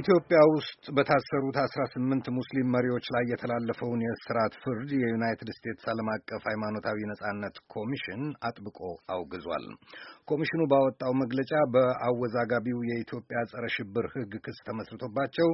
ኢትዮጵያ ውስጥ በታሰሩት አስራ ስምንት ሙስሊም መሪዎች ላይ የተላለፈውን የእስራት ፍርድ የዩናይትድ ስቴትስ ዓለም አቀፍ ሃይማኖታዊ ነጻነት ኮሚሽን አጥብቆ አውግዟል። ኮሚሽኑ ባወጣው መግለጫ በአወዛጋቢው የኢትዮጵያ ጸረ ሽብር ሕግ ክስ ተመስርቶባቸው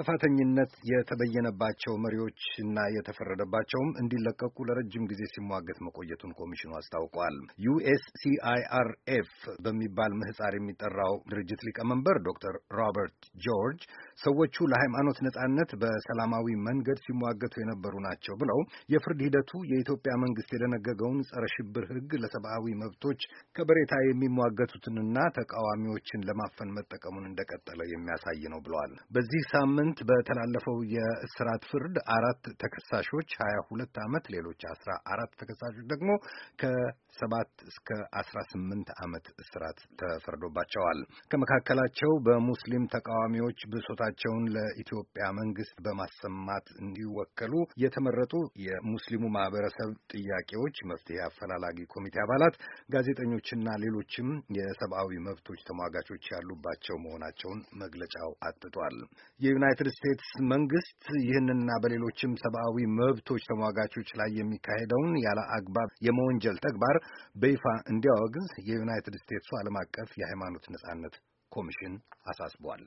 ጥፋተኝነት የተበየነባቸው መሪዎችና የተፈረደባቸውም እንዲለቀቁ ለረጅም ጊዜ ሲሟገት መቆየቱን ኮሚሽኑ አስታውቋል። ዩኤስሲአይአርኤፍ በሚባል ምህጻር የሚጠራው ድርጅት ሊቀመንበር ዶክተር ሮበርት ጆርጅ ሰዎች ሰዎቹ ለሃይማኖት ነጻነት በሰላማዊ መንገድ ሲሟገቱ የነበሩ ናቸው ብለው የፍርድ ሂደቱ የኢትዮጵያ መንግስት የደነገገውን ጸረ ሽብር ህግ ለሰብአዊ መብቶች ከበሬታ የሚሟገቱትንና ተቃዋሚዎችን ለማፈን መጠቀሙን እንደቀጠለ የሚያሳይ ነው ብለዋል። በዚህ ሳምንት በተላለፈው የእስራት ፍርድ አራት ተከሳሾች ሀያ ሁለት ዓመት ሌሎች አስራ አራት ተከሳሾች ደግሞ ከሰባት እስከ አስራ ስምንት ዓመት እስራት ተፈርዶባቸዋል። ከመካከላቸው በሙስሊም ተቃዋሚዎች ብሶታቸውን ለኢትዮጵያ መንግስት በማሰማት እንዲወከሉ የተመረጡ የሙስሊሙ ማህበረሰብ ጥያቄዎች መፍትሄ አፈላላጊ ኮሚቴ አባላት፣ ጋዜጠኞችና ሌሎችም የሰብአዊ መብቶች ተሟጋቾች ያሉባቸው መሆናቸውን መግለጫው አትቷል። የዩናይትድ ስቴትስ መንግስት ይህንና በሌሎችም ሰብአዊ መብቶች ተሟጋቾች ላይ የሚካሄደውን ያለ አግባብ የመወንጀል ተግባር በይፋ እንዲያወግዝ የዩናይትድ ስቴትሱ ዓለም አቀፍ የሃይማኖት ነጻነት ኮሚሽን አሳስቧል።